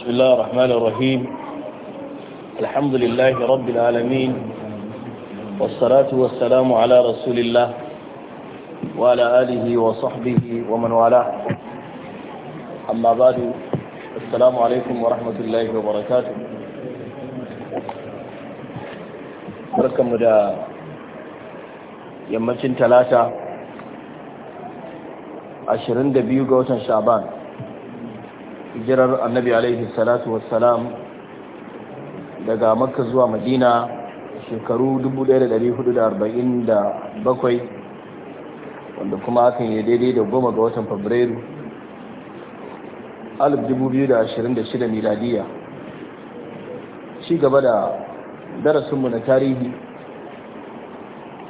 بسم الله الرحمن الرحيم الحمد لله رب العالمين والصلاة والسلام على رسول الله وعلى آله وصحبه ومن والاه أما بعد السلام عليكم ورحمة الله وبركاته barkanmu da yammacin talata 22 ga watan sha'ban hijirar annabi alaihi salatu wassalam daga makka zuwa madina shekaru 1447 wanda kuma hakan ya daidai da goma ga watan fabrairu 2026 miladiya ci gaba da darasinmu na tarihi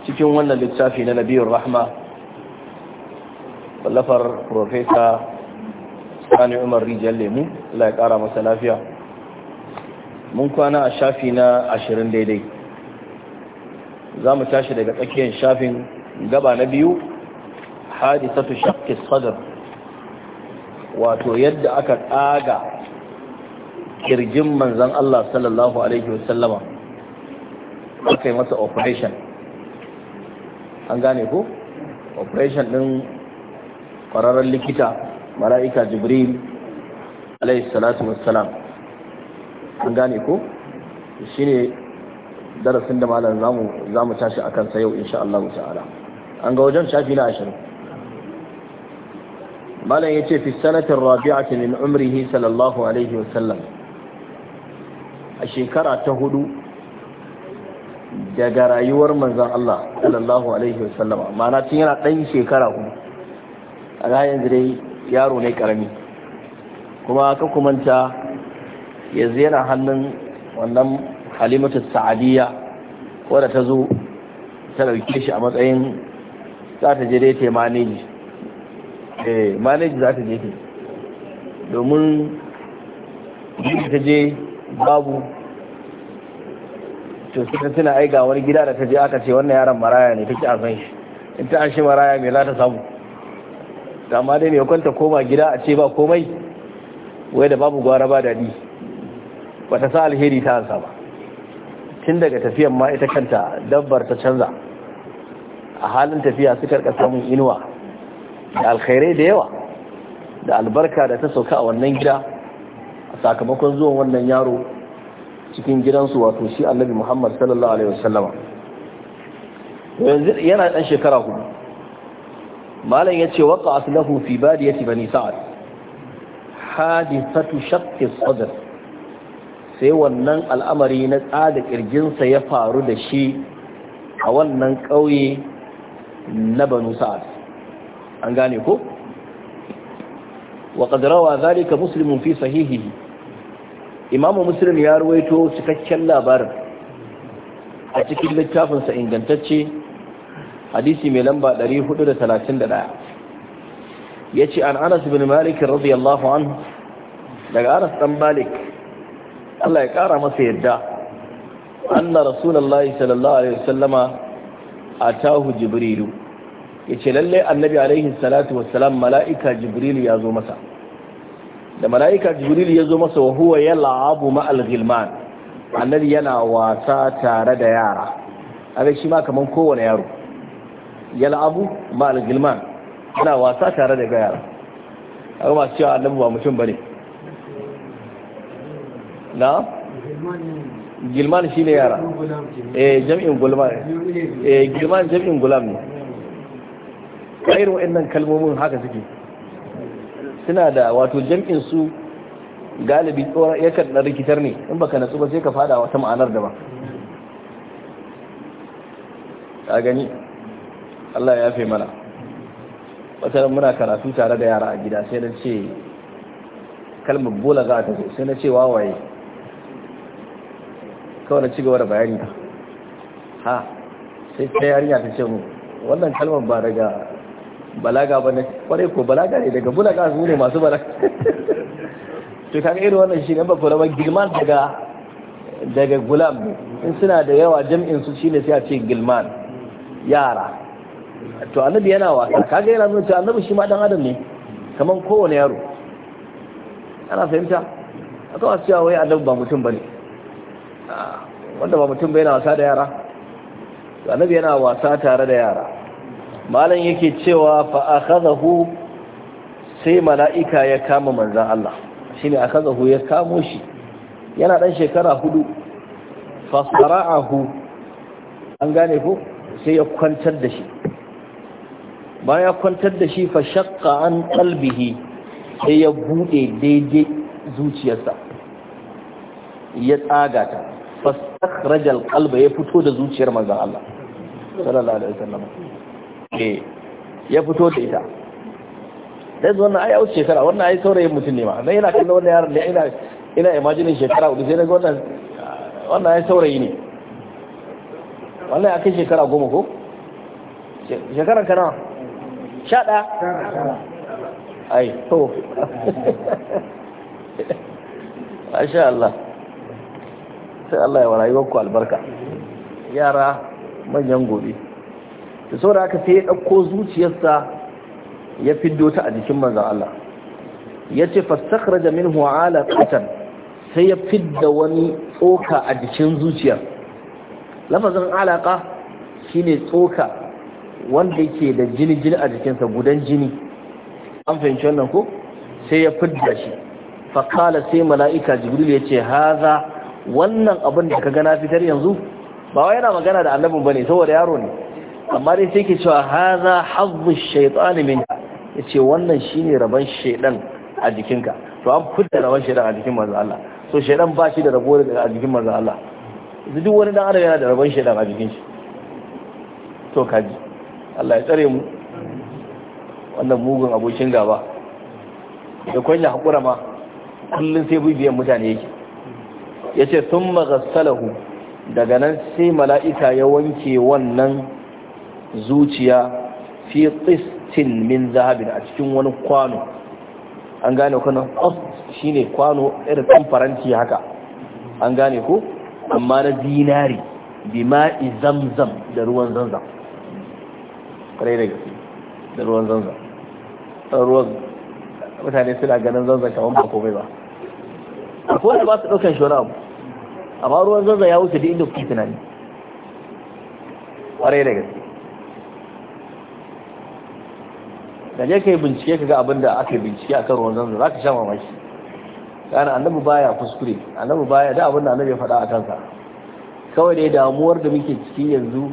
cikin wannan littafi na nabiyar rahma wallafar profesa sani umar rijiyar lemu Allah ya kara masa lafiya mun kwana a shafi na ashirin daidai za mu tashi daga tsakiyar shafin gaba na biyu hadisatu shakki sadar wato yadda aka tsaga kirjin manzan Allah sallallahu alaihi wasallama aka yi masa operation an gane ko operation ɗin kwararren likita mala'ika jibril alayhi salatu wassalam an gane ko shine darasin da malam zamu zamu tashi akan sa yau insha Allah ta'ala an ga wajen shafi na 20 malam yace fi sanati rabi'ati min umrihi sallallahu alaihi wasallam a shekara ta hudu daga rayuwar manzon Allah sallallahu alaihi wasallama ma'ana tun yana dan shekara hudu a yanzu dai yaro ne karami kuma ka kumanta ya ziyara hannun wannan halimatu sa'adiyya wadda ta zo ta ɗauke shi a matsayin za ta je dai ta maneji eh maneji za ta je ta domin ta je babu to suka tuna ai ga wani gida da ta je aka ce wannan yaron maraya ne take a san shi in ta an shi maraya me za ta samu amma dai mai kwanta koma gida a ce ba komai wai da babu gwara ba daɗi ba ta sa alheri ta hansa ba tun daga tafiyan ma ita kanta dabbar ta canza a halin tafiya su karka samun inuwa da alkhairai da yawa da albarka da ta sauka a wannan gida a sakamakon zuwan wannan yaro cikin gidansu wato shi annabi muhammad sallallahu alaihi wasallama yanzu yana ɗan shekara hudu malam yace waqa aslahu fi badiyati bani sa'ad hadithatu shakki sadr sai wannan al'amari na tsada kirjinsa ya faru da shi a wannan ƙauye na banu sa'ad an gane ko wa qad zalika musulmin fi sahihihi imamu muslim ya ruwaito cikakken labarin a cikin littafinsa ingantacce hadisi mai lamba 431 yace an Anas bin Malik radiyallahu anhu daga Anas dan Malik Allah ya kara masa yadda anna rasulullahi sallallahu alaihi wasallama atahu jibrilu yace lallai annabi alaihi salatu wassalam malaika jibrilu ya zo masa da malaika jibrilu ya zo masa wa huwa yal'abu ma'al ghilman annabi yana wasa tare da yara abin shi ma kaman kowane yaro yal'abu ma'al gilman yana wasa tare da yara akwai masu cewa annabi ba mutum bane na gilman ne yara eh jam'in gulman eh gilman jam'in gulam ne irin waɗannan kalmomin haka suke suna da wato jam'in su galibi tsoron yakan ɗan rikitar ne in baka natsu ba sai ka fada wata ma'anar da ba a gani Allah ya yafe mana wata muna karatu tare da yara a gida sai na ce kalmar bola za ta zo sai na ce wawaye kawai na ci gaba da bayani ha sai ta yarinya ta ce mu wannan kalmar ba daga balaga ba ne kwarai ko balaga ne daga bulaga su ne masu balaga to kaga irin wannan shi ne ba kula ba daga daga gulam in suna da yawa jam'in su shine sai a ce gilman yara to annabi yana wasa kaga yana nuna cewa annabi shi ma dan adam ne kaman kowane yaro ana fahimta aka wasu cewa wai annabi ba mutum bane ah, wanda ba mutum bai yana wasa da yara to annabi yana wasa tare da yara malam yake cewa fa akhadahu sai mala'ika ya kama manzan Allah shine akhadahu ya kamo shi yana dan shekara hudu fasara'ahu an gane ko sai ya kwantar da shi baya kwantar da shi fa shakka an kalbihi sai ya bude daidai zuciyarsa ya tsaga ta fastakhrajal qalba ya fito da zuciyar manzon Allah sallallahu alaihi wasallam eh ya fito da ita dai wannan ai aus shekara wannan ayi saurayin mutum ne ma dan yana kallon wannan yaron da ina ina imagine shekara uku sai naga wannan wannan ayi saurayi ne wannan akai shekara goma ko shekara kana shaɗa ai to Allah sai Allah ya wa rayuwarku albarka yara manyan gobe da da haka sai ya ɗauko zuciyarsa ya fiddo ta a jikin manzan Allah ya ce min minhu ala qatan sai ya fidda wani tsoka a jikin zuciyar lafazin shi shine tsoka wanda yake da jini jini a jikinsa gudan jini an fahimci wannan ko sai ya fidda shi fakala sai mala'ika jibril ya ce haza wannan abin da ka gana fitar yanzu ba wai yana magana da annabin bane saboda yaro ne amma dai sai ke cewa haza hazzu shaytan min ce wannan shine raban shaydan a jikinka to an fidda raban shaydan a jikin manzo Allah so shaydan ba shi da rabo a jikin manzo Allah duk wani dan adam yana da raban shaydan a jikin shi to kaji Allah ya tsare mu wannan mugun abokin gaba da kwanya haƙura ma kullum sai bibiyan mutane yake ya ce sun magasalahu daga nan sai mala'ika ya wanke wannan zuciya fi tsistin min zahabin a cikin wani kwano an gane kwanan ƙos shi ne kwano irin ɗan faranti haka an gane ko amma na zinari bi ma'i zamzam da ruwan zanzam kwarai da gaske da ruwan zanzan ruwan mutane suna ganin zanzan kamar ba komai ba ko wanda ba su ɗaukan shi wani abu amma ruwan zanzan ya wuce duk inda kuke tunani kwarai da gaske da ne ka yi bincike ka ga abin da aka bincike a kan ruwan zanzan za ka sha mamaki kana annabi baya kuskure annabi baya da abin da annabi ya faɗa a kansa kawai dai damuwar da muke ciki yanzu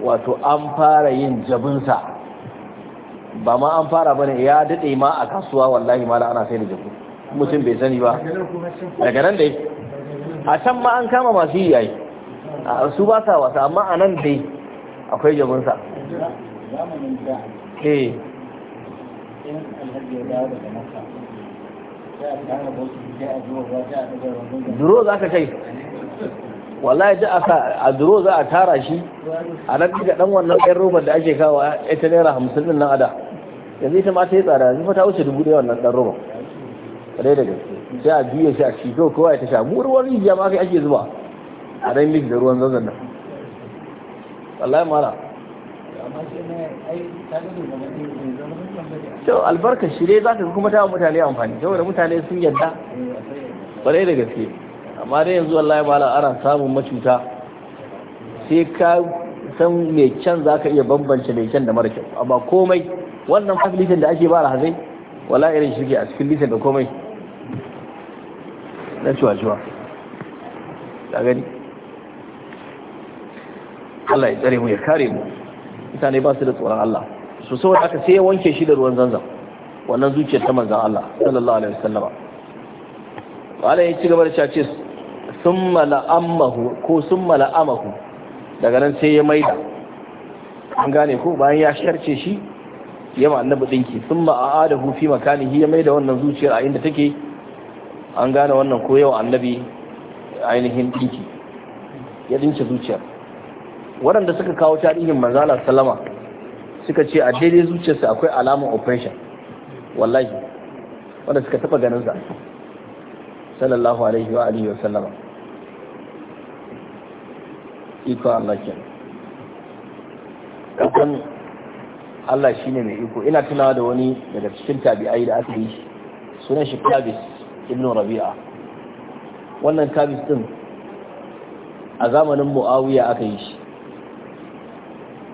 wato an fara yin jabinsa ba ma an fara bane ya daɗe ma a kasuwa wallahi ma ana sai da jabu mutum bai sani ba daga nan dai a can ma an kama masu yi yayi su ba sa wasa amma a nan dai akwai jabinsa eh. za ka kai wallahi da aka a duro za a tara shi a nan daga dan wannan ɗan robar da ake kawo ita naira hamsin din nan ada yanzu ita ma ta yi tsada yanzu ta wuce dubu ɗaya wannan ɗan robar ɗaya da gaske sai a juya shi a ci to kowa ya ta sha mu ruwan rijiya ma kai ake zuba a dan mix da ruwan zanzan nan wallahi mara to albarkar shi dai za ka kuma ta mutane amfani saboda mutane sun yadda ƙwarai da gaske amma dai yanzu wallahi la ana samun macuta sai ka san me can za ka iya bambance me can da mara kyau amma komai wannan fasilitin da ake ba hazai wala irin ke a cikin litin da komai na cewa cewa ta gani Allah ya tsare mu ya kare mu mutane ba su da tsoron Allah su saboda aka sai ya wanke shi da ruwan zanzan wannan zuciyar ta manzan Allah sallallahu alaihi wasallama wala ya ci gaba da cewa sun mala'ammahu ko sun mala'amahu daga nan sai ya maida an gane ko bayan ya sharce shi ya ma ɗinki dinki sun ma'a da hufi makanihi ya maida wannan zuciyar a inda take an gane wannan ko yau annabi ainihin dinki ya dinki zuciyar waɗanda suka kawo tarihin manzala salama suka ce a daidai zuciyarsa akwai alamun operation wallahi wanda suka taɓa ganin sa sallallahu alaihi wa alihi wa sallama iko Allah ke kan Allah shi ne mai iko ina tunawa da wani daga cikin tabi'ai da aka yi sunan shi Kabis ibn Rabi'a wannan Kabis din a zamanin Muawiya aka yi shi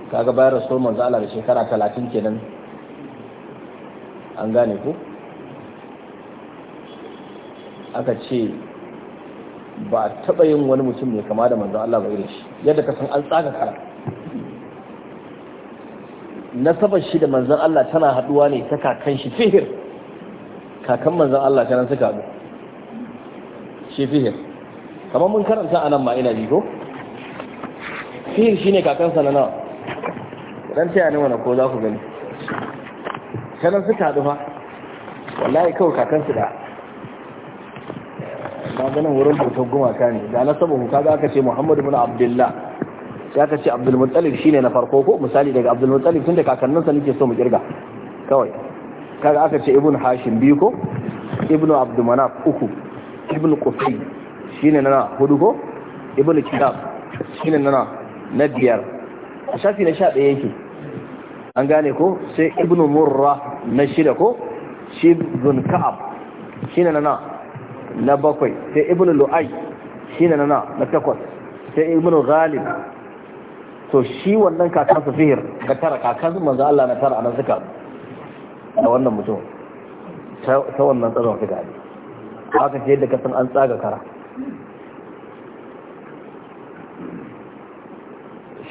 kaga bayar rasul manzo Allah da shekara 30 kenan an gane ku aka ce ba taɓa yin wani mutum ne kama da manzan Allah bai irin shi yadda ka san an tsaga kara nasabar shi da manzan Allah tana haɗuwa ne ta kakan shi fihir kakan manzan Allah tana suka haɗu shi fihir kamar mun karanta a nan ma ina ji Fihir fihir ne kakansa na nawa ɗan taya ne wani ko za ku gani tana suka haɗu fa wallahi kawai kakansu da ka ganin wurin bautar gumaka ne da na saboda ka aka ce muhammadu bin abdullah ya ka ce abdulmuttalib shine na farko ko misali daga abdulmuttalib tun da kakanninsa nake so mu kirga kawai kaga aka ce ibn hashim biyu ko ibn abdumanaf uku ibn qusay shine na hudu ko ibn Kitab shine na na biyar a shafi na sha yake an gane ko sai ibn murra na shida ko shi zun ka'ab shine na na bakwai sai ibn lu'ay shi ne na na takwas sai ibn ghalib to shi wannan kakan su fihir ga tara kakan su manzo Allah na tara anan suka da wannan mutum ta wannan tsaron fi gani haka ce yadda kasan an tsaga kara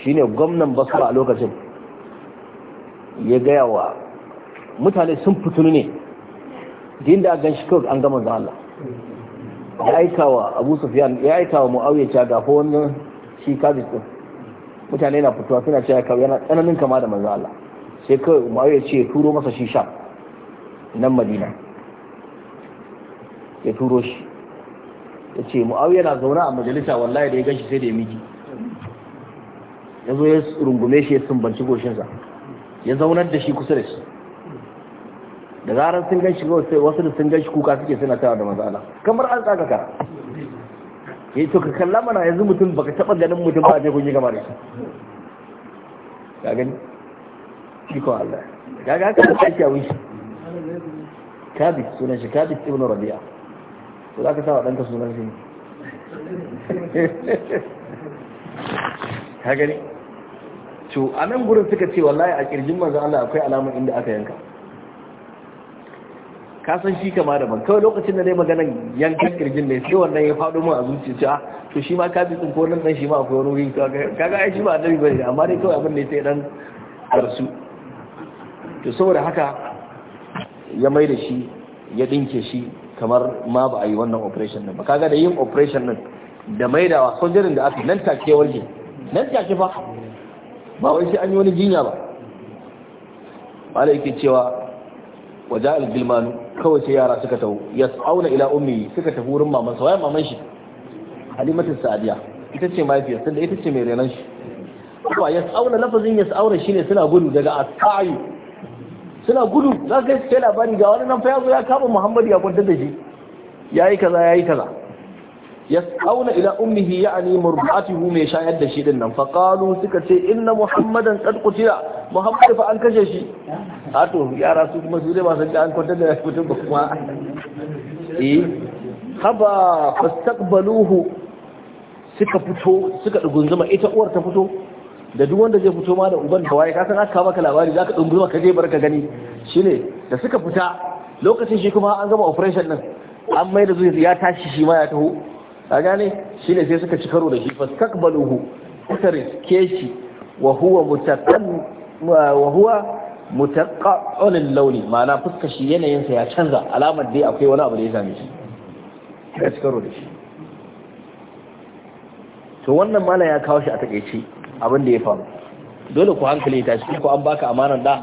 shine gwamnan basra a lokacin ya gaya wa mutane sun fitunu ne din da gan shi kawai an gama zuwa Allah ya aika wa abu sufyan ya aika wa mu'awiyar cewa ga fa wannan shi kazis din mutane na fitowa suna cewa kawo yana tsananin kama da manzo Allah sai kawai mu'awiyar ce turo masa shi sha nan madina ya turo shi ya ce mu'awiyar na zaune a majalisa wallahi da ya gan shi sai da ya miki ya zo ya rungume shi ya sumbanci goshinsa ya zaunar da shi kusa da shi da zarar sun gan shi sai wasu da sun gan shi kuka suke suna tawa da manzo kamar an ka yi eh, to ka kalla mana yanzu mutum baka taba ganin mutum ba a jikin yi gamar shi ka gani shi ko Allah ya ga ka sai ya wuce kabit sunan shi kabit ibn rabi'a to ka sa wa danka sunan shi ya gani to a nan gurin suka ce wallahi a kirjin manzo Allah akwai alamun inda aka yanka ka san shi kama da ban kawai lokacin da dai maganar yankan kirgin ne sai wannan ya faɗo min a zuciya ah, to shi ma ka bi tsinko nan dan shi ma akwai wani ka ga shi ba annabi bane amma dai kawai abin ne sai dan karsu to saboda haka ya mai da shi ya dinke shi kamar ma ba a yi wannan operation din ba kaga da yin operation din da maidawa sojirin da aka nan take warke nan take fa ba wai sai an yi wani jinya ba malai yake cewa waja al kawai sai yara suka ya yas'auna ila ummi suka tafi wurin maman sa waye maman shi halimatu sa'diya ita ce mahaifiyar da ita ce mai renon shi kuma ya yas'auna lafazin yas'auna shine suna gudu daga as-sa'i suna gudu za ka yi labari ga wani nan fa ya kama Muhammad ya kwantar da shi yayi kaza yayi kaza Ya yas'auna ila ummihi ya'ni mur'atuhu mai shayar da shi din nan fa qalu suka ce inna muhammadan qad qutila muhammadu fa an kashe shi a to yara su kuma su ne ba san an kwantar da mutum ba kuma E, haba baluhu suka fito suka zama ita uwar ta fito da duk wanda zai fito ma da uban da waye kasan aka maka labari zaka zama ka je barka gani ne da suka fita lokacin shi kuma an gama operation din an mai da zuwa ya tashi shi ma ya taho ka gane ne sai suka ci karo da shi fastaqbaluhu baluhu, kutare, keshi, wa huwa mutaqan wa huwa mutaqa'ul launi ma'ana fuskar shi yanayin sa ya canza alamar dai akwai wani abu da ya same shi ya karo da shi to wannan mala ya kawo shi a takeice abin da ya faru dole ku hankali ya shi ko an baka amanar da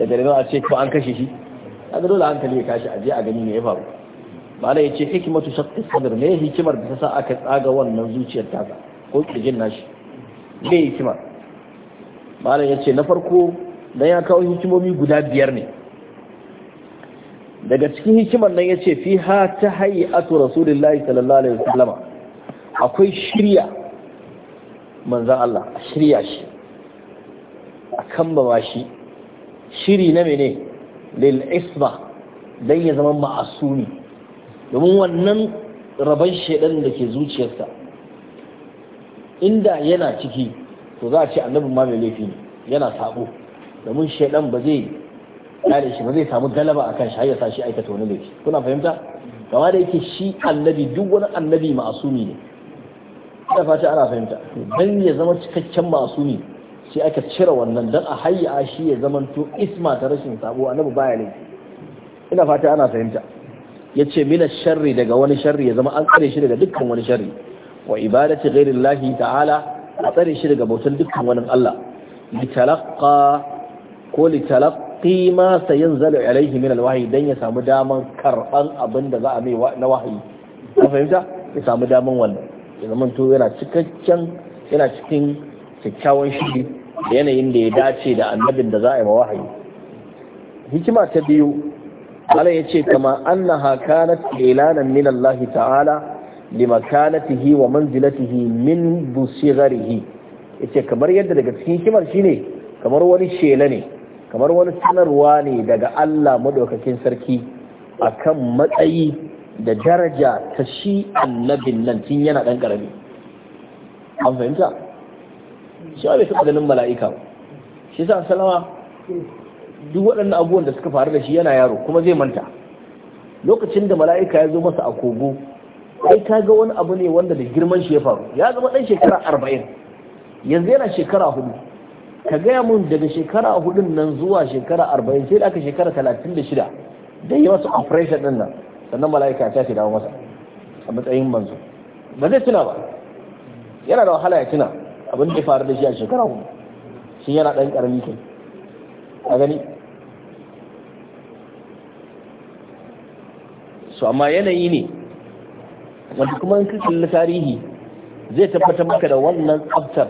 daga nan a ce ko an kashe shi kaga dole hankali ya kashi a je a gani me ya faru mala ya ce hikimatu shaqqi sadr ne hikimar da ta sa aka tsaga wannan zuciyar ta ko kirjin nashi me hikimar malam ya ce na farko dan ya kawo hikimomi guda biyar ne daga cikin hikimar nan ya ce fi ha ta hayatu rasulullahi sallallahu alaihi wasallam akwai shirya manzan Allah shirya shi a kan ba shi shiri na mene lil isma dan ya zama ma'asumi domin wannan rabon shaidan da ke zuciyarsa inda yana ciki to za a ce annabin ma mai laifi ne yana sabo domin shaidan ba zai kare shi ba zai samu galaba akan shi har sa shi aikata wani laifi kuna fahimta kama da yake shi annabi duk wani annabi ma'asumi ne Ina fata ana fahimta dan ya zama cikakken ma'asumi sai aka cire wannan dan a hayya shi ya zama to isma ta rashin sabo annabi baya laifi ina fata ana fahimta Ya yace mina sharri daga wani sharri ya zama an tsare shi daga dukkan wani sharri wa ibadati ghairillahi ta'ala a tsare shi daga bautan dukkan wani Allah litalaqqa ko litalaqqi ma sayanzalu alaihi min alwahyi dan ya samu daman karban abin da za a mai na wahayi ka fahimta ya samu daman wannan ya zama to yana cikakken yana cikin kyakkyawan shiri da yanayin da ya dace da annabin da za a yi ma wahayi hikima ta biyu Allah ya ce kama annaha kanat ilanan min Allah ta'ala limakanatihi wa manzilatihi min busigarihi yace kamar yadda daga cikin hikimar shine kamar wani shela ne kamar wani sanarwa ne daga Allah madaukakin sarki akan matsayi da daraja ta shi annabin nan tun yana dan karami an fahimta shi bai taɓa ganin mala'ika shi sa salama duk waɗannan abubuwan da suka faru da shi yana yaro kuma zai manta lokacin da mala'ika ya zo masa a kogo ai ga wani abu ne wanda da girman shi ya faru ya zama dan shekara arba'in yanzu yana shekara hudu ka gaya mun daga shekara hudun nan zuwa shekara arba'in sai da aka shekara talatin da shida da yi masa operation din nan sannan mala'ika ta ce dawo masa a matsayin manzo ba zai tuna ba yana da wahala ya tuna abin da ya faru da shi a shekara hudu shi yana dan karami kai a gani Su amma yanayi ne wanda kuma in kalli tarihi zai tabbatar maka da wannan tsaftar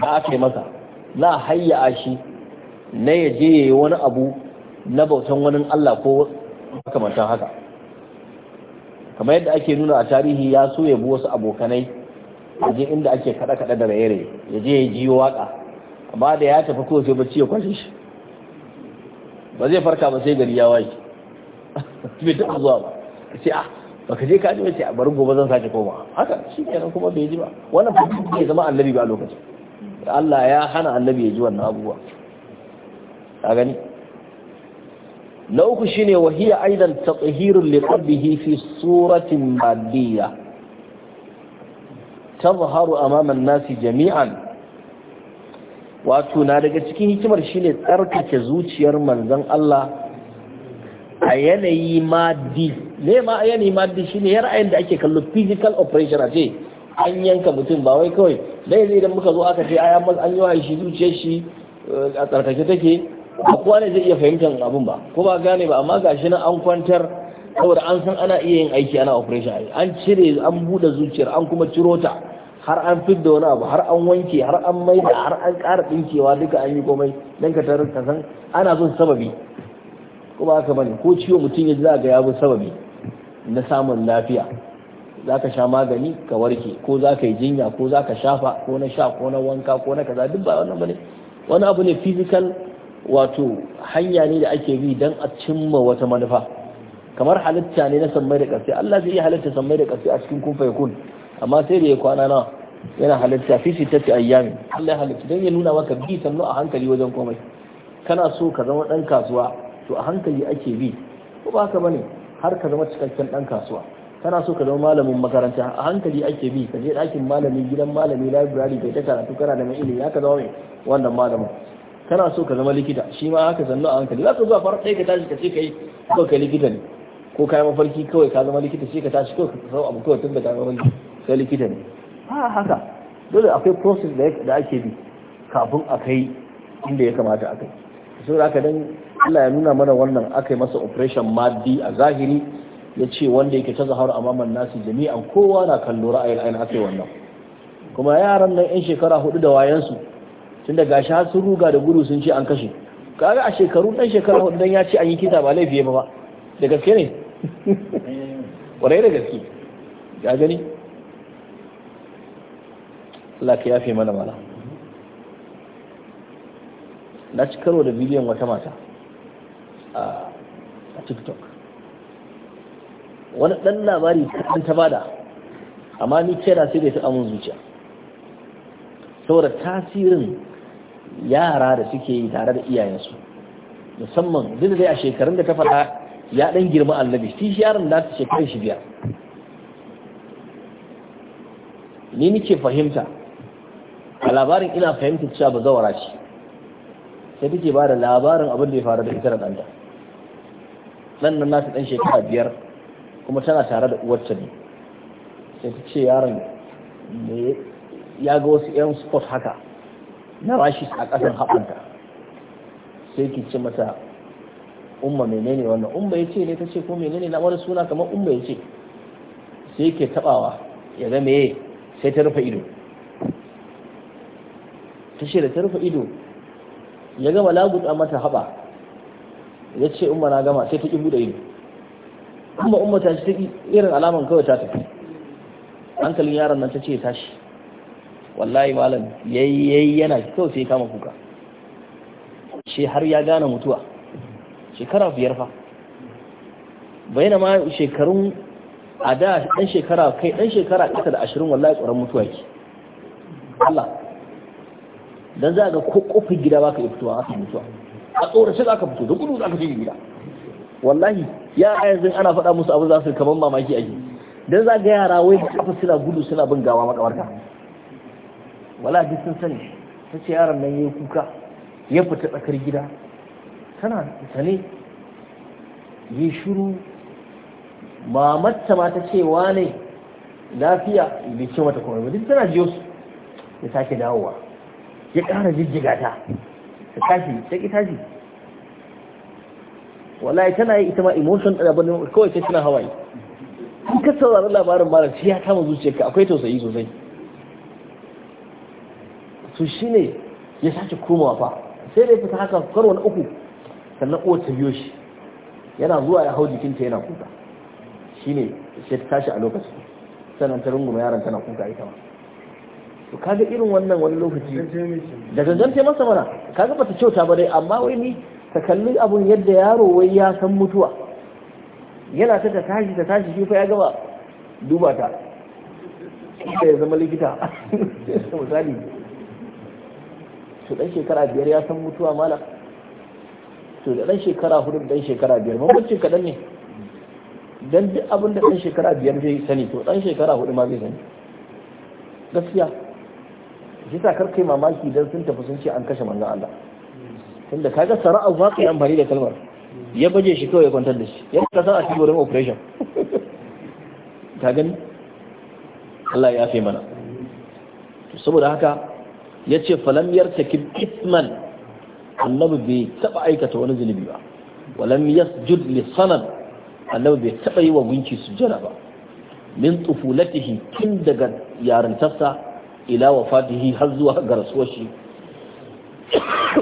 da aka yi masa a hayya shi na ya je yi wani abu na bautan wani Allah ko makamantan haka kamar yadda ake nuna a tarihi ya so ya bi wasu abokanai a je inda ake kada kada da raye ya je ya ji waƙa amma da ya tafi ko sai bacci ya kwashe shi ba zai farka ba sai gari ya waye ah, baka je ka ajiye a bari gobe zan sake koma haka shi kuma bai ji ba wannan fa bai zama annabi ba a lokacin Allah ya hana annabi ya ji wannan abubuwa a gani na uku shine wahiya aidan tatheerun li qalbihi fi suratin madiyya tazharu amama an-nasi jami'an wato na daga cikin hikimar shine tsarkake zuciyar manzon Allah a yanayi madi ne ma yani shi ne ya ra'ayin da ake kallo physical operation a ce an yanka mutum ba wai kawai dai zai idan muka zo aka ce ai an yi shi zuciyar shi eh, a tsarkake take ba kowa ne zai iya fahimtar abin ba ko ba gane ba amma gashi nan an kwantar saboda an san ana iya yin aiki ana operation a an cire an buɗe zuciyar an kuma ciro ta har an fidda wani abu har an wanke har an maida har an ƙara ɗinkewa duka an yi komai don ka tarin ka san ana son sababi ko ba haka bane ko ciwo mutum ya ji za ga ya bi sababi na samun lafiya za ka sha magani ka warke ko za ka yi jinya ko za ka shafa ko na sha ko na wanka ko na kaza duk ba wannan bane wani abu ne physical wato hanya ne da ake bi don a cimma wata manufa kamar halitta ne na sammai da ƙarfi Allah zai iya halitta sammai da ƙarfi a cikin kun amma sai da ya kwana nawa yana halitta fi sittati ayyami Allah ya halitta don ya nuna maka bi sannu a hankali wajen komai kana so ka zama ɗan kasuwa to a hankali ake bi ko ba haka bane har ka zama cikakken dan kasuwa kana so ka zama malamin makaranta a hankali ake bi ka je ɗakin malami gidan malami library kai ta karatu kana da mai ilimi haka zama mai wannan malamin kana so ka zama likita shi ma haka sannu a hankali za ka zuwa fara ɗaya ka tashi ka ce ka yi ko ka likita ne ko ka mafarki kawai ka zama likita sai ka tashi ko ka sau abu kawai tun da ka zama sai likita ne ha haka dole akwai process da ake bi kafin a kai inda ya kamata a kai so da haka dan Allah ya nuna mana wannan aka yi masa operation maddi a zahiri ya ce wanda yake ta zahar amaman nasi jami'an kowa na kallo ra'ayin ainihin aka yi wannan kuma yaran nan yan shekara hudu da wayansu Tunda da gashi har sun ruga da gudu sun ce an kashe kaga a shekaru dan shekara hudu dan ya ce an yi kita ba laifi ba da gaske ne kwarai da gaske ya gani Allah ka yafe mana mala na ci karo da bidiyon wata mata a tiktok wani ɗan labari kaɗan ta bada amma ni kera sai da ta amin zuciya saboda tasirin yara da suke yi tare da iyayensu musamman duk da dai a shekarun da ta faɗa ya ɗan girma annabi shi yaron da ta shekarun shi biyar ni nike fahimta a labarin ina fahimta cewa ba zawara ce sai take ba da labarin abin da ya faru da ita da ɗanta nan nan nasu ɗan shekara biyar kuma tana tare da uwarta ne sai ta ce yaron me ya ga wasu yan sport haka na rashi a ƙasan haɓanta sai ki ce mata umma menene wannan umma ya ce ne ta ce ko menene na wani suna kamar umma ya ce sai ke tabawa ya ga meye sai ta rufe ido ta da ta rufe ido ya gama laguta mata haɓa ya ce umma na gama sai ta ƙi buɗe yin. kuma umma ta ta ƙi irin alaman kawai ta tafi hankalin yaron nan ta ce tashi wallahi malam yayi yana kawai sai kama kuka shi har ya gane mutuwa shekara biyar fa bayyana ma shekarun a da ɗan shekara kai ɗan shekara ƙasa da ashirin wallahi tsoron mutuwa ki Allah don za a ga ko ƙofar gida ba ka yi fitowa a mutuwa a tsorace za ka fito da gudu za ka je gida wallahi yara yanzu ana faɗa musu abin za su kamar mamaki a ake dan za ga yara wai da kafa suna gudu suna bin gawa makabarta wala duk sun sani ta ce yaron nan yayi kuka ya fita tsakar gida tana sane yi shiru mamatta ma ta ce wane lafiya bai ce mata kuma duk tana jiyo su ya sake dawowa ya ƙara jijjiga ta ta tashi ta ki tashi wallahi tana yi ita ma emotion ba abin kawai sai tana hawaye in ka sauraron labarin malam shi ya kama zuciyarka akwai tausayi sosai su shi ne ya sace komawa fa sai da fita haka karo na uku sannan uwar ta biyo shi yana zuwa ya hau jikinta yana kuka shi ne sai ta tashi a lokacin sannan ta runguma yaron tana kuka ita ma to kaga irin wannan wani lokaci da zanzance masa mana kaga bata kyauta ba dai amma wai ni ta kalli abun yadda yaro wai ya san mutuwa yana ta ta tashi ta tashi shi fa ya gaba duba ta ya zama likita misali to dan shekara biyar ya san mutuwa malam to da dan shekara hudu dan shekara biyar bambancin kadan ne dan duk abin da dan shekara biyar zai sani to dan shekara hudu ma zai sani gaskiya shi sa karkai mamaki don sun tafi sun ce an kashe manzon Allah tunda kaga sara'u ba yi amfani da kalmar ya baje shi kawai ya kwantar da shi ya kasa a cikin wurin operation ka gani Allah ya fi mana saboda haka ya ce falam yartakib isman annabi bai taba aikata wani zunubi ba walam yasjud li sanad annabi bai taba yi wa gunki sujjada ba min tufulatihi tun daga yarintarsa ila wafatihi har zuwa ga rasuwar shi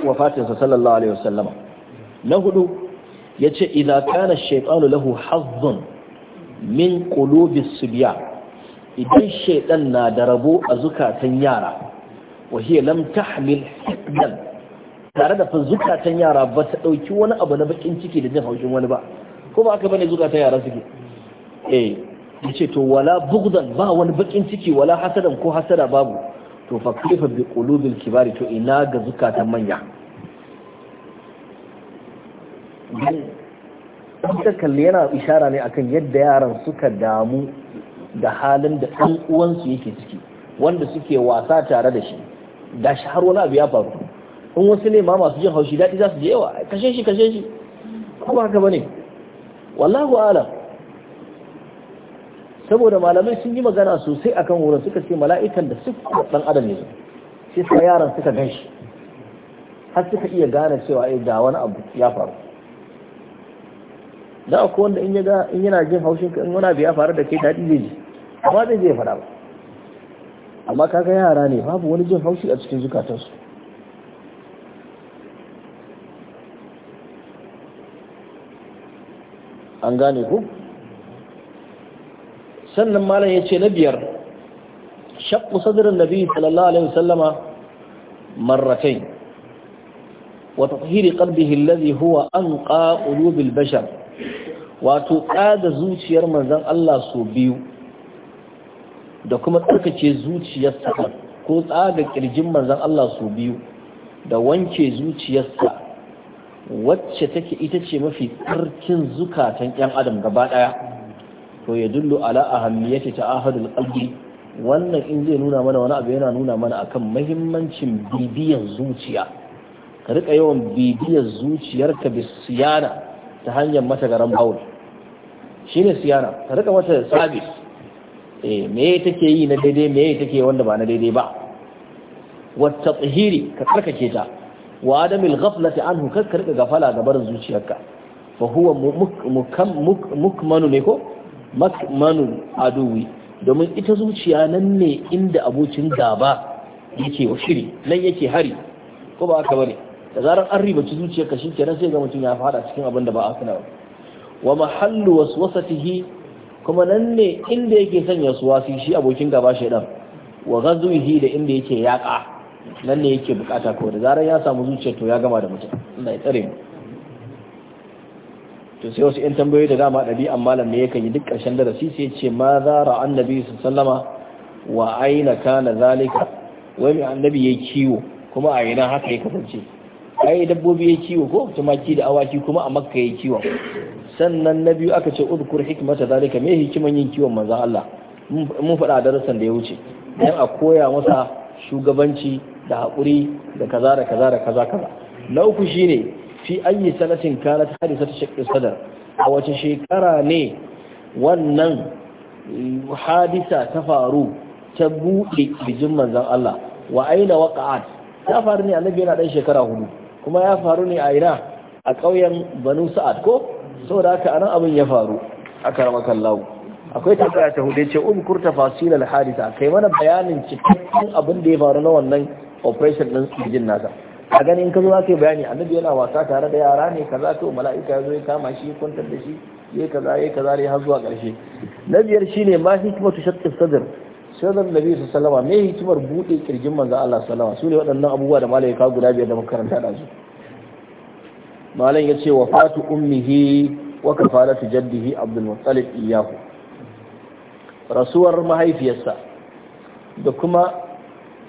wafatinsa sallallahu alaihi wasallama na hudu yace idza kana shaytanu lahu hazzun min qulubis subya idan shaytan na da rabo a zukatan yara wa hiya lam tahmil hikdan tare da fa zukatan yara ba ta ɗauki wani abu na bakin ciki da jin haushin wani ba ko ba aka bane zukatan yara suke eh ya ce to wala bugdan ba wani bakin ciki wala hasadan ko hasada babu to fa kaifa bi qulubil kibari to ina ga zukatan manya dan kalli yana ishara ne akan yadda yaran suka damu da halin da ɗan uwansu yake ciki wanda suke wasa tare da shi da shi har wani abu ya faru in wasu ne ma masu jin haushi daɗi za su je yawa kashe shi kashe shi ko ba ne. bane wallahu alam saboda malamai sun yi magana sosai akan wurin suka ce mala'ikan da suka dan adam ne shi sa yaran suka gan shi har suka iya gane cewa ai ga wani abu ya faru da akwai wanda in yaga in yana jin haushin ka in wani abu ya faru da kai daɗi zai ji amma zai je faɗa ba amma kaga yara ne babu wani jin haushi a cikin zukatansu an gane ku sannan malam ya ce na biyar shakku sadirin nabi sallallahu alaihi wasallama marratai wa tahiri qalbihi alladhi huwa anqa qulubil bashar wato kada zuciyar manzon Allah so biyu da kuma tsarkake zuciyarsa ko tsaga kirjin manzon Allah so biyu da wanke zuciyarsa wacce take ita ce mafi tsarkin zukatan 'yan adam gaba ɗaya to ya dullu ala ahammiyati ta'ahudul qalbi wannan in zai nuna mana wani abu yana nuna mana akan mahimmancin bibiyar zuciya ka rika yawan bibiyar zuciyarka bi siyana ta hanyar mata garan baul shine siyana ka rika mata sabis eh me take yi na daidai me take wanda ba na daidai ba wa tathiri ka karkace ta wa adamil ghaflati anhu ka rika gafala ga barin zuciyarka fa huwa mukmanu ne ko makmanu aduwi domin ita zuciya nan ne inda abokin gaba yake wa shiri nan yake hari ko ba aka bane da zarar an riba ci zuciyar ka nan sai ga mutum ya fada cikin abin da ba a kana wa mahallu waswasatihi kuma nan ne inda yake sanya suwasi shi abokin gaba shaidan wa ghazwihi da inda yake yaka nan ne yake bukata ko da zarar ya samu zuciyar to ya gama da mutum Allah ya tsare mu to sai wasu 'yan tambayoyi da dama ɗabi'an malam ne yakan yi duk ƙarshen darasi sai ce ma za ra annabi sallama wa aina na zalika wai mai annabi ya kiwo kuma a yana haka ya kasance ai dabbobi ya kiwo ko tumaki da awaki kuma a makka ya kiwo sannan na biyu aka ce udkur hikmata zalika me hikiman yin kiwon maza Allah mun faɗa darasan da ya wuce dan a koya masa shugabanci da haƙuri da kaza da kaza da kaza kaza na uku shine fi ayi sanatin kanat hadisa ta shaqqi sadar a wace shekara ne wannan hadisa ta faru ta buɗe bijin manzon Allah wa aina waqa'at ta faru ne annabi yana dan shekara hudu kuma ya faru ne a ina a ƙauyen Banu Sa'ad ko saboda haka anan abin ya faru akaramakallahu akwai tambaya ta hudu ce umkur kurta al hadisa kai mana bayanin cikakken abin da ya faru na wannan operation din sijin nasa a ganin ka zo za yi bayani annabi yana wasa tare da yara ne kaza to mala'ika ya zo ya kama shi kwantar da shi yayi kaza yayi kaza ne har zuwa ƙarshe na biyar shine ma hikmatu shaqqi sadr sadr nabi sallallahu alaihi me hikimar bude kirjin manzo Allah sallallahu alaihi wasallam waɗannan abubuwa da malaika guda biyar da makaranta da su malam yace wafatu ummihi wa kafalatu jaddihi abdul muttalib iyahu rasuwar mahaifiyarsa da kuma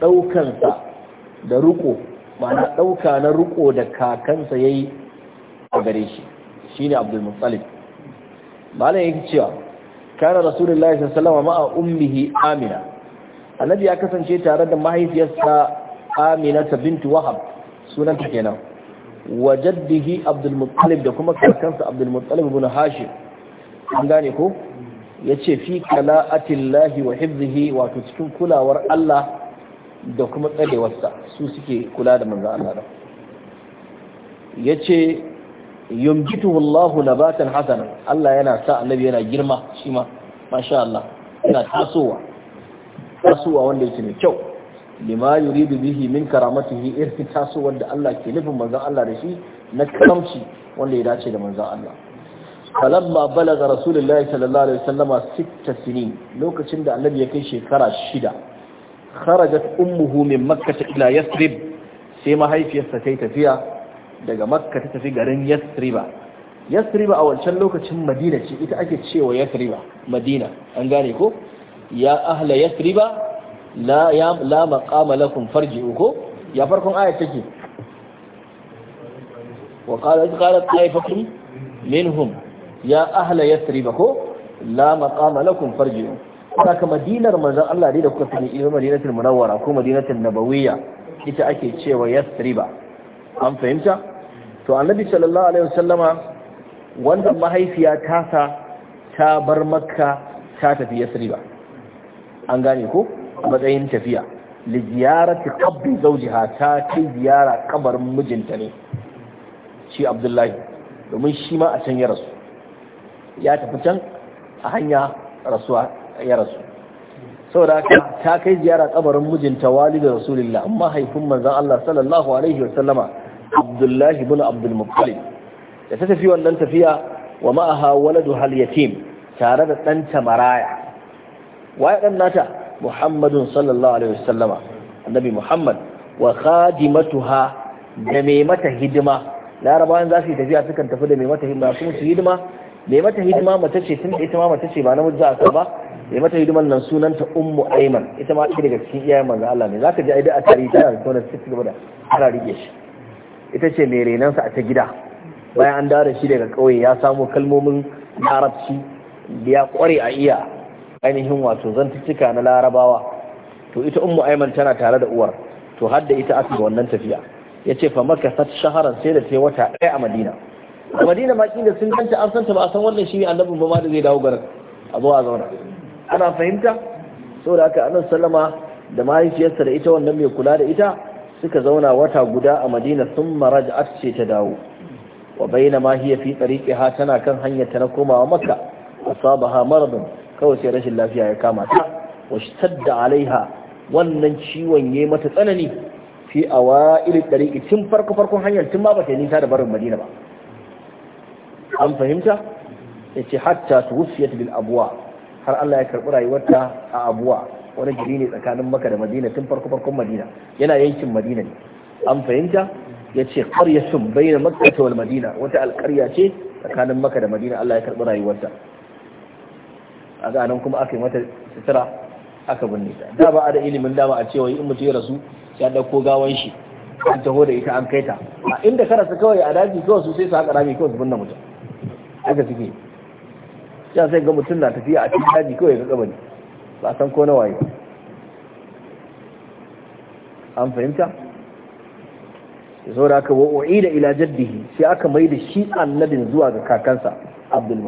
ɗaukansa da ruko. ma'ana ɗauka na riko da kakansa ya yi a gare shi shi ne abdulmutsalif malam yake cewa kana rasulullahi sallallahu ma'a ummihi amina annabi ya kasance tare da mahaifiyarsa amina ta bintu wahab sunanta kenan wa jaddihi abdulmutsalif da kuma kakansa abdulmutsalif ibn hashim an gane ko yace fi kala'atillahi wa hifzihi wato cikin kulawar Allah da kuma tsarewarsa su suke kula da manzan Allah ya ce yumjituhu Allahu nabatan Allah yana sa annabi yana girma shi ma masha Allah yana tasowa tasowa wanda yake mai kyau lima yuridu bihi min karamatihi irfi tasowar da Allah ke nufin manzan Allah da shi na karamci wanda ya dace da manzan Allah falamma balaga rasulullahi sallallahu alaihi wasallama 6 sinin lokacin da annabi ya kai shekara shida kharajat ummuhu min makkah ila yasrib sai mahaifiyarsa ta yi tafiya daga makka ta tafi garin yasriba yasriba a wancan lokacin madina ce ita ake cewa yasriba madina an gane ko ya ahla yasriba la ya la maqama lakum farji'u ko ya farkon aya take wa qalat qalat taifatun minhum ya ahla yasriba ko la maqama lakum farji'u saka madinar manzan Allah dai da kuka sani ilimin madinatul munawwara ko madinatul nabawiyya ita ake cewa yasriba an fahimta to annabi sallallahu alaihi wasallama wanda mahaifiya sa. ta bar makka ta tafi yasriba an gane ko a matsayin tafiya li ziyarati qabri zawjiha ta kai ziyara kabarin mijinta ne shi abdullahi domin shi ma a can ya rasu ya tafi can a hanya rasuwa ya rasu saboda haka ta kai ziyara kabarin mijinta walidin rasulillah amma haifin manzon Allah sallallahu alaihi wa sallama Abdullahi ibn Abdul Muttalib da ta tafi wannan tafiya wa ma'aha waladu hal yatim tare da ɗanta maraya waye ɗan nata Muhammadun sallallahu alaihi wa sallama annabi Muhammad wa khadimatuha da mai mata hidima larabawan za su yi tafiya sukan tafi da mai mata hidima su hidima mai mata hidima mace ce tun da ita ma mace ce ba namiji za a ba ya mata hidiman nan sunanta ummu aiman ita ma ake daga cikin iyayen manzan Allah ne zaka ji aida a tarihi ta da sunan sai gaba da ana rike shi ita ce mai sa a ta gida bayan an dawo shi daga ƙauye ya samo kalmomin larabci da ya kware a iya ainihin wato zantuttuka na larabawa to ita ummu aiman tana tare da uwar to har da ita aka wannan tafiya ya ce fa maka sat shaharan sai da ta wata ɗaya a madina a madina ma kila sun ganta an santa ba a san wannan shi ne annabin ba ma da zai dawo garin a zo a zauna ana fahimta saboda haka annabi sallama da mahaifiyarsa da ita wannan mai kula da ita suka zauna wata guda a madina sun maraja'at ce ta dawo wa bayyana ma hiya fi tana kan hanyar ta na komawa makka asabaha maradun kawai sai rashin lafiya ya kama ta wa shtadda alaiha wannan ciwon yayi mata tsanani fi awail tsariƙi tun farko farkon hanyar tun ma bata nisa da barin madina ba an fahimta yace hatta tuwfiyat bil abwa har Allah ya karɓi rayuwarta a abuwa wani gari ne tsakanin maka da madina tun farko farkon madina yana yankin madina ne an fahimta ya ce ƙaryatun bayyana makka wal madina wata alƙarya ce tsakanin maka da madina Allah ya karɓi rayuwarta a ga nan kuma aka yi mata sutura aka binne ta da ba a da ilimin dama a cewa in mutum ya rasu ya ɗauko gawan shi an taho da ita an kai ta a inda karasa kawai a daji kawai su sai su haƙa rami kawai su binne mutum haka suke ya sai ga mutum na tafiya a cikin daji kawai ga kabari ba san ko na waye an fahimta da aka wa'o'i da ila jaddihi sai aka mai da shi annabin zuwa ga kakansa abdul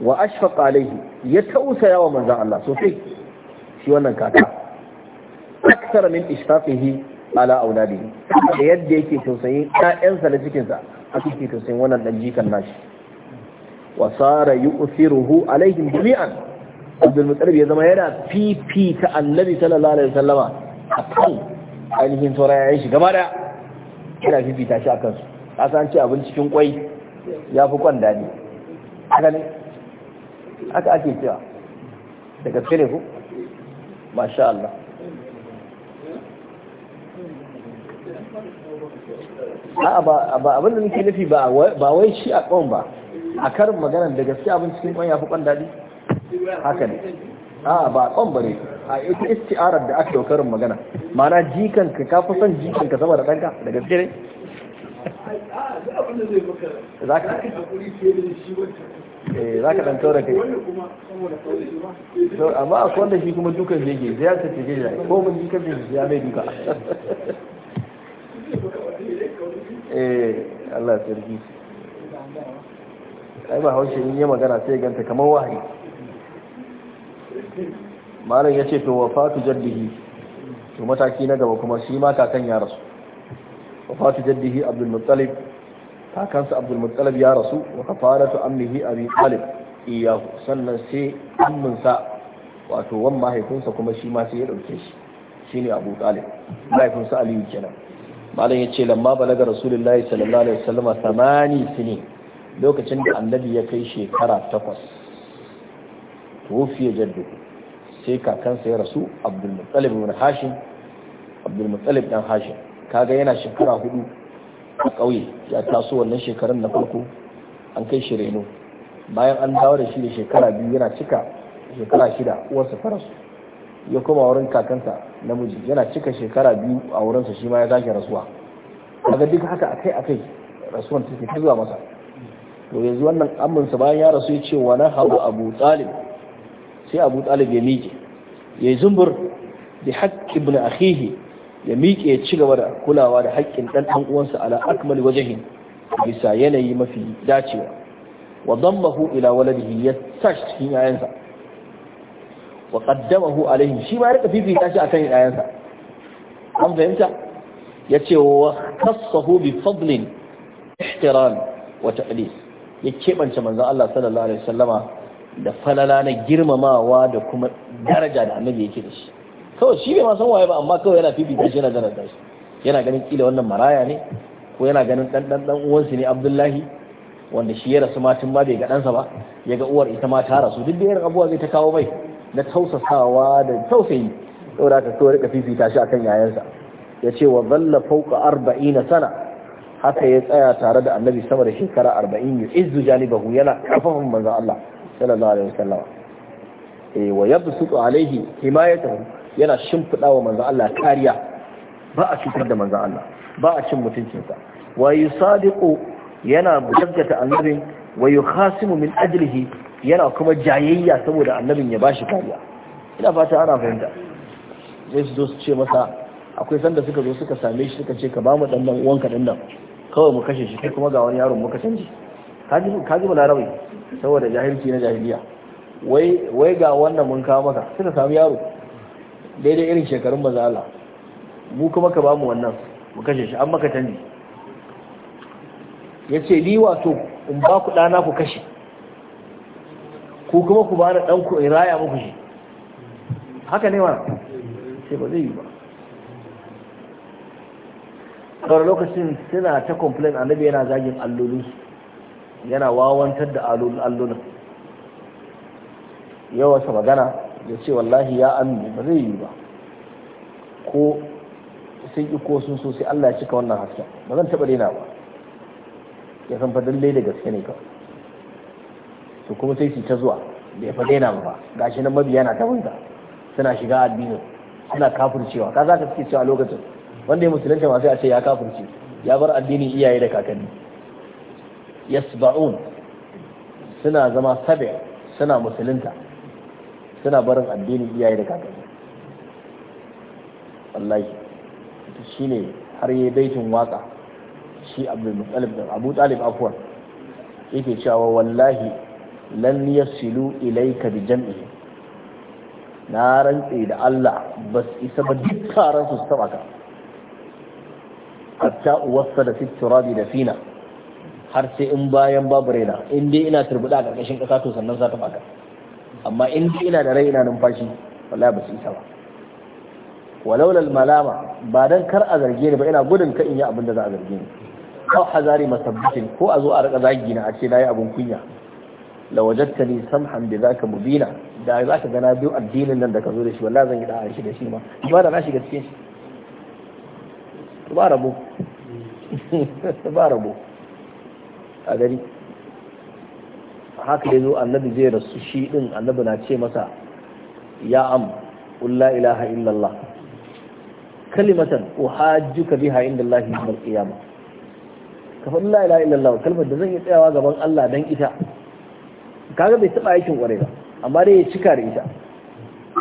wa ashfaq alaihi ya tausa wa manzan Allah sosai shi wannan kaka aksara min ishfaqihi ala auladihi da yadda yake tausayin ƴaƴansa na cikinsa cikin tausayin wannan dan jikan nashi wa sara yu'thiruhu alaihim jami'an Abdul Muttalib ya zama yana fifita Annabi sallallahu alaihi wasallama kan ainihin ya shi gaba da yana fifita shi kansu a san ce abin cikin kwai ya fi kwan dadi haka ne haka ake cewa da gaske ne ku masha Allah a'a ba abin da nake nufi ba wai shi a kwan ba a karin magana da gaske abin cikin kwan ya fi kwan daɗi haka ne a ba kwan ba ne a ita istiarar da aka karin magana mana jikan ka ka fi son jikan ka saboda da ɗanka da gaske ne za ka eh, za ka ɗan taura kai amma a kwanda shi kuma dukan jirgi zai ya tafi jirgi ko mun jikan jirgi ya mai duka eh Allah sarki ai ba haushe in yi magana sai ganta kamar wahayi malam ya ce to wafatu jaddihi to mataki na gaba kuma shi ma kakan ya rasu wafatu jaddihi abdul muttalib kakansa abdul muttalib ya rasu wa kafaratu amnihi abi talib iyahu sannan sai sa wato wan mahaifinsa kuma shi ma sai ya dauke shi shine abu talib mahaifinsa aliyu kenan malam ya ce lamma balaga rasulullahi sallallahu alaihi wasallam 8 sinin lokacin da annabi ya kai shekara takwas tuwufiya jaddu sai kakansa ya rasu abdulmutsalib ibn hashim abdulmutsalib dan hashim kaga yana shekara hudu a ƙauye ya taso wannan shekarun na farko an kai shi reno bayan an dawo da shi da shekara biyu yana cika shekara shida uwarsa ta rasu ya koma wurin kakansa namiji yana cika shekara biyu a wurinsa shi ma ya sake rasuwa kaga duk haka akai akai rasuwan take ta zuwa masa to yanzu wannan amminsa bayan ya rasu ya ce wa na abu talib sai abu talib ya miƙe ya yi zumbur da haƙƙi ibn akhihi ya miƙe ya ci gaba da kulawa da haƙƙin ɗan ɗan uwansa ala akmal wajahin bisa yanayi mafi dacewa wa dammahu ila waladihi ya sa cikin yayansa wa qaddamahu alaihi shi ma ya rika fifita shi akan yayansa an fahimta ya ce wa khassahu bi fadlin ihtiram wa ya keɓance manzon Allah sallallahu alaihi wasallama da falala na girmamawa da kuma daraja da annabi yake da shi kawai shi bai masu waye ba amma kawai yana fifita shi yana da shi yana ganin kila wannan maraya ne ko yana ganin dan dan dan uwansu ne Abdullahi wanda shi ya rasu matin ma bai ga ɗansa ba ya ga uwar ita ma ta rasu duk da irin abubuwa zai ta kawo mai na tausasawa da tausayi saboda ta kawai rika fifita shi akan yayansa ya ce wa zalla fauka arba'ina sana haka ya tsaya tare da annabi sama da shekara arba'in ya izu janibahu yana karfafin manzan Allah sallallahu alaihi wasallam eh wa yabsutu alaihi himayatahu yana shimfida wa manzan Allah kariya ba a cutar da manzan Allah ba a cin mutuncinsa wa yusadiqu yana gaggata annabin wa yukhasimu min ajlihi yana kuma jayayya saboda annabin ya bashi kariya ina fata ana fahimta sai su zo su ce masa akwai sanda suka zo suka same shi suka ce ka ba mu dan nan uwanka dan nan kawai mu kashe shi kai kuma ga wani yaron muka canji ka ji balarabai saboda jahilci na jahiliya wai ga wannan mun kawo maka suka sami yaro daidai irin shekarun maza mu kuma ka bamu wannan mu kashe shi an maka canji ya ce ni wato in ba ku ɗana ku kashe ku kuma ku bani ɗanku in raya muku shi haka ne ma sai ba zai yi ba kawai lokacin suna ta complain annabi yana zagin alloli yana wawantar da allunan yawansa magana ya ce wallahi ya ammi ba zai yi ba ko sun yi ko sun so sai Allah ya cika wannan hasken ba zan taɓa daina ba ya san fadin lai da gaske ne kawai to kuma sai su ta zuwa bai fa daina ba gashi nan mabiya na ta wanda suna shiga addinin suna kafircewa ka za ka suke cewa lokacin wanda ya musulunta masu sai a ce ya kafirce ya bar addinin iyaye da kakanni yasba'un suna zama sabi suna musulunta suna barin addinin iyaye da kakanni wallahi shi ne har yi baitin waka shi abdul mutsalib da abu talib afwan yake cewa wallahi lan yasilu ilayka bi jam'i na rantse da Allah bas isa ba duk taron su saba ka hatta uwassa da fiturabi da fina har sai in bayan babu raina in dai ina turbuda a ƙarƙashin ƙasa to sannan za ta faɗa amma in dai ina da rai ina numfashi wala ba su isa ba walaulal malama ba dan kar a zarge ni ba ina gudun ka in yi abin da za a zarge ni aw hazari masabbitin ko a zo a raka zagi na a ce na yi abin kunya la wajadtani samhan bi zaka mubina da zaka ga na biyu addinin nan da ka zo da shi wallahi zan yi shi da shi ma ba da na shiga cikin shi ba rabo ba rabo a gari haka ya zo annabi zai rasu shi din annabi na ce masa ya am la ilaha illallah kalimatan ka biha inda Allah yawmal qiyamah ka fa la ilaha illallah kalmar da zan yi tsayawa gaban Allah dan ita kaga bai taba aikin kware ba amma dai ya cika da ita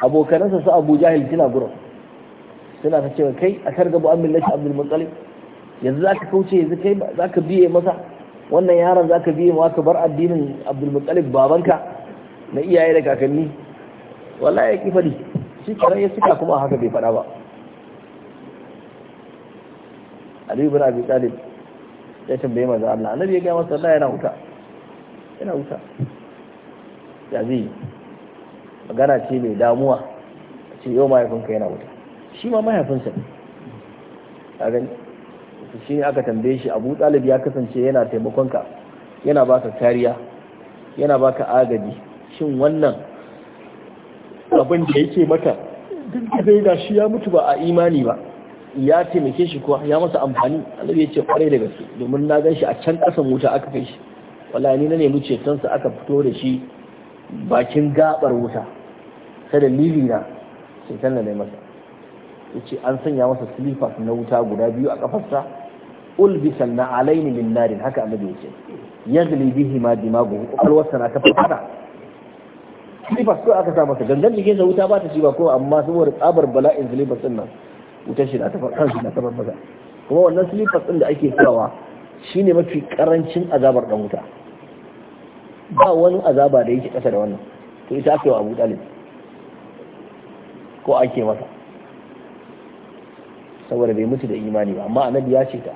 abokanansa su Abu Jahil suna gurin suna ta cewa kai a targabu amin millati abdul muttalib yanzu zaka kauce yanzu kai zaka biye masa wannan yaron zaka biye ma bar addinin abdul muttalib babanka na iyaye da kakanni wallahi ya kifari shi karan ya suka kuma haka bai fada ba Ali ibn Abi Talib ya tambaye manzo Allah annabi ya ga masa Allah yana wuta yana wuta ya zai magana ce mai damuwa ce yau mahaifinka yana wuta shi ma mahaifinsa ne a gani shi ne aka tambaye shi abu ɗalib ya kasance yana taimakon ka yana baka kariya yana baka agaji shin wannan abin da yake mata duk da shi ya mutu ba a imani ba ya taimake shi kuwa ya masa amfani Allah ya ce kwarai da gaske domin na gan shi a can kasan wuta aka kai shi wallahi ni na nemi cetonsa aka fito da shi bakin gabar wuta ta dalili na ceton da nemi masa yace an sanya masa slippers na wuta guda biyu a kafarsa ulbisal na alaini min narin haka annabi yace yagli bihi ma dimagu alwasa na kafara slippers ko aka sa masa gangan jikin sa wuta ba ta ci ba ko amma saboda tsabar bala'in slippers din nan wutar shi na ta fada shi na ta fada kuma wannan slippers din da ake sawa shine mafi karancin azabar dan wuta ba wani azaba da yake kasa da wannan to ita ake wa Abu Talib ko ake masa saboda bai mutu da imani ba amma annabi ya ce ta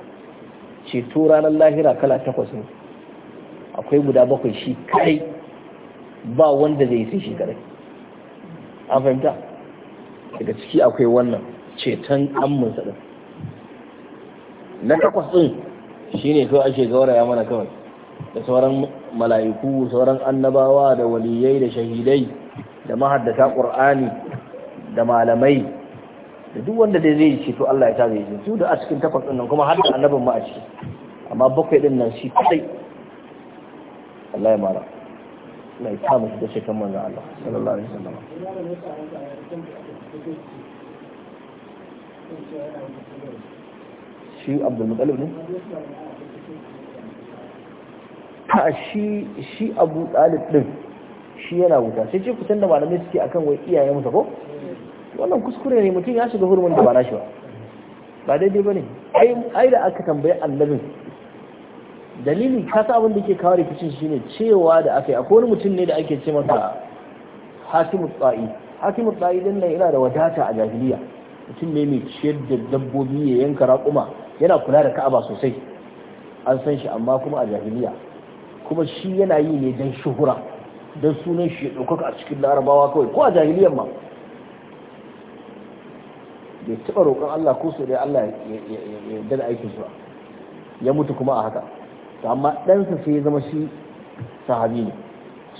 ceto ranar lahira kala takwas ne akwai guda bakwai shi kai ba wanda zai sai shi kare an fahimta daga ciki akwai wannan ceton amman sa na takwas din shine so ake gauraya mana kawai da sauran mala'iku sauran annabawa da waliyai da shahidai da mahaddata qur'ani da malamai da duk wanda dai zai ce to Allah ya tare shi su da a cikin takwas din nan kuma har da annabin ma a ciki amma bakwai din nan shi kadai Allah ya mara Allah ya kama shi da shekan kan manzon Allah sallallahu alaihi wasallam shi Abdul Muttalib ne ta shi shi Abu Talib din shi yana wuta sai ce kusan da malamai suke akan wai iyayen musa ko wannan kuskure ne mutum ya shiga hurumin da ba shi ba ba daidai ba ne ai da aka tambayi annabin dalili kasa abin da ke kawo rikicin ne cewa da aka yi akwai wani mutum ne da ake ce masa hatimu tsa'i hatimu tsa'i din nan yana da wadata a jahiliya mutum ne mai ciyar da dabbobi ya yanka raƙuma yana kula da ka'aba sosai an san shi amma kuma a jahiliya kuma shi yana yi ne don shuhura don sunan shi ya ɗaukaka a cikin larabawa kawai ko a jahiliyar ma bai taɓa roƙon Allah ko so dai Allah ya dada da aikin su ya mutu kuma a haka to amma ɗansa sai ya zama shi sahabi ne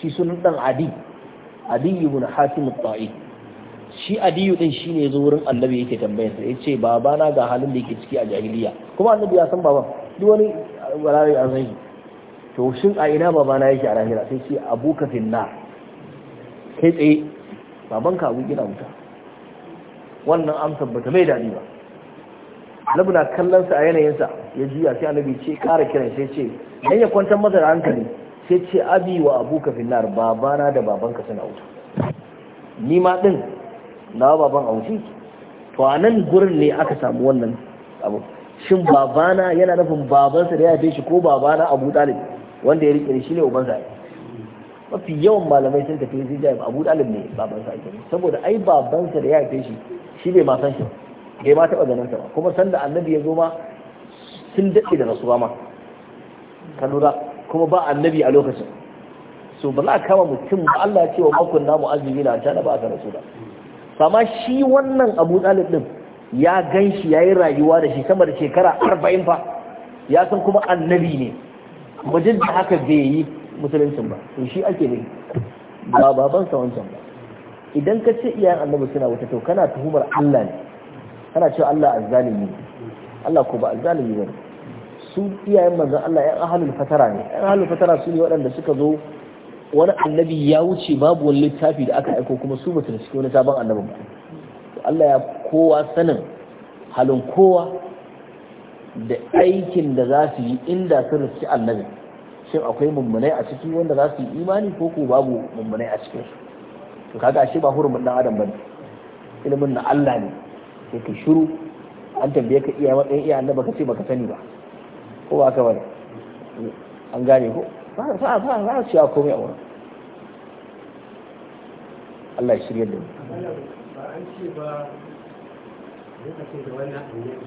shi sunan ɗan adi adi ibn hatim ta'i shi adiyu din shine yazo wurin annabi yake tambayar sa yace baba na ga halin da yake ciki a jahiliya kuma annabi ya san baban duk wani balare a zai to shin a ina baba na yake a lahira sai ce abuka finna kai tsaye Baban ka abu gina wuta wannan amsar bata mai daɗi ba annabi na kallon sa a yanayinsa ya juya sai annabi ce ƙara kiran sai ce dan ya kwantar masa da hankali sai ce abi wa abuka finnar babana da babanka suna wuta ni ma din na baban a wuce to a nan gurin ne aka samu wannan abu shin babana yana nufin babansa da ya haife shi ko babana abu talib wanda ya rike shi ne ubansa mafi yawan malamai sun tafi sun jaya abu talib ne babansa ake saboda ai babansa da ya haife shi shi bai ma san shi bai ma taɓa ganin ta ba kuma da annabi ya zo ma sun daɗe da rasuwa ma ka lura kuma ba annabi a lokacin so ba za a kama mutum ba Allah ya ce wa makon namu azumi na ta ba aka rasu da sama shi wannan abu ɗalib ɗin ya gan shi ya yi rayuwa da shi sama da shekara arba'in fa ya san kuma annabi ne kuma da haka bai yi musuluncin ba to shi ake ne ba babansa wancan ba idan ka ce iyayen annabi suna wata to kana tuhumar Allah ne kana cewa Allah azzalimi Allah ko ba azzalimi ba su iyayen manzon Allah ya ahlul fatara ne ahlul fatara su ne waɗanda suka zo wani annabi ya wuce babu wani littafi da aka aiko kuma su basu cikin wani sabon annabi ba Allah ya kowa sanin halin kowa da aikin da za su yi inda sun riski annabi shin akwai mummunai a ciki wanda za su yi imani ko ko babu mummunai a cikin to kaga ashe ba hurumin dan adam bane ilimin na Allah ne sai ka shiru an tambaye ka iya matsayin iya annaba ka ce baka sani ba ko ba ka bane an gane ko ba ba ba ba shi ya komai a wurin Allah ya shirya da mu ba an ce ba lokacin da wannan annabi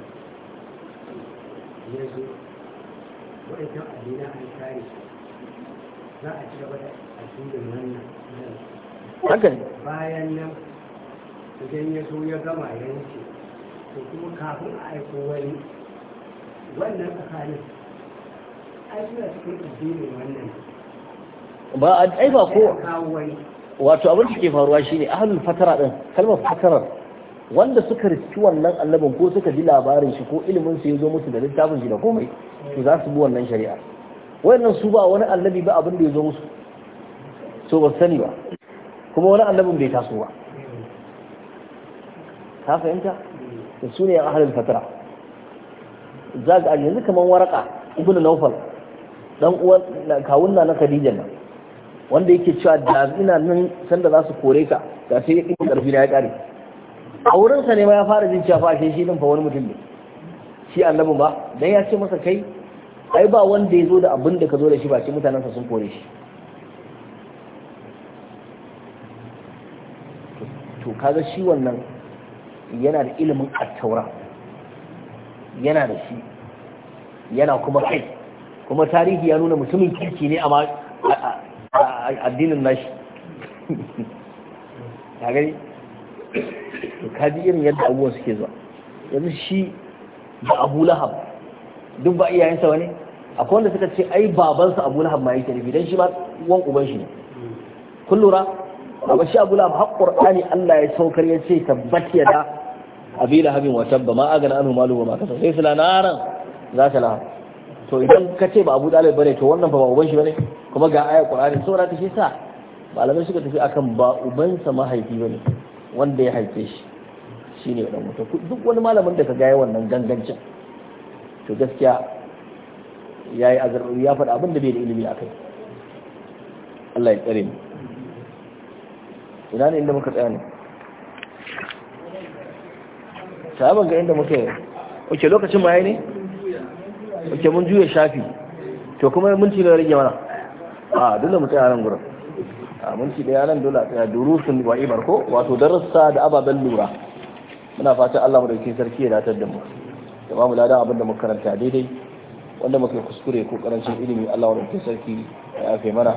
ya zo wa'annan addina an kare za a ci gaba da addinin wannan haka ne bayan nan idan ya zo ya gama yanki to kuma kafin a aiko wani wannan tsakanin ai suna cikin addinin wannan ba a ai ba ko wato abin da ke faruwa shine ahlul fatara din kalmar fatarar wanda suka rikici wannan annabin ko suka ji labarin shi ko ilimin su ya zo musu da littafin shi da komai to za su bi wannan shari'a wayannan su ba wani annabi ba abin da ya zo musu so ba sani ba kuma wani annabin bai taso ba ta fahimta da su ne ahalin fatara za ga yanzu kamar waraka ibn naufal dan uwan kawun na khadija nan wanda yake cewa da ina nan sanda za su kore ka da sai ya kinka karfi na ya kare a wurinsa ne ma ya fara jin cewa fa shi din fa wani mutum ne shi annabin ba dan ya ce masa kai ai ba wanda ya zo da abin da ka zo da shi ba ce mutanensa sun kore shi kaza shi wannan yana da ilimin attaura yana da shi yana kuma kai kuma tarihi ya nuna mutumin kirki ne amma addinin nashi Ya gani kaji irin yadda abubuwan suke zuwa yanzu shi da abu lahab duk ba iyayensa wani akwai wanda suka ce ai babansa abu lahab ma yake da don shi ma wan uban shi ne kun lura abu shi abu lahab haƙƙur ƙani Allah ya saukar ya ce tabbat ya da abi lahabin wa tabba ma an anhu malu wa ma sai su naran za ta laha to idan ka ce ba abu dalib bane to wannan ba ba uban shi ne? kuma ga ayar qur'ani saboda ta shi sa malamai suka tafi akan ba ubansa mahaifi ba ne. wanda ya haife shi shine wadanda mutu duk wani malamin da ka gaya wannan gangancin to gaskiya ya yi azar ya faɗa abin da bai da ilimi akai Allah ya tsare mu ina ne inda muka tsaya ne sahaban ga inda muka yi oke lokacin ma ya ne oke mun juya shafi to kuma mun ci da rage mana a dole mu tsaya nan gurin a mun ci da yaran dole a tsaya durusun wa ibar ko wato darasa da ababen lura muna fatan Allah madaukakin sarki ya datar da mu da ba mu lada abin da muka karanta daidai wanda muka kuskure ko karancin ilimi Allah madaukakin sarki ya yafe mana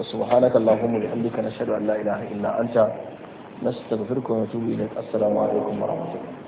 وسبحانك اللهم وبحمدك نشهد أن لا إله إلا أنت نستغفرك ونتوب إليك السلام عليكم ورحمة الله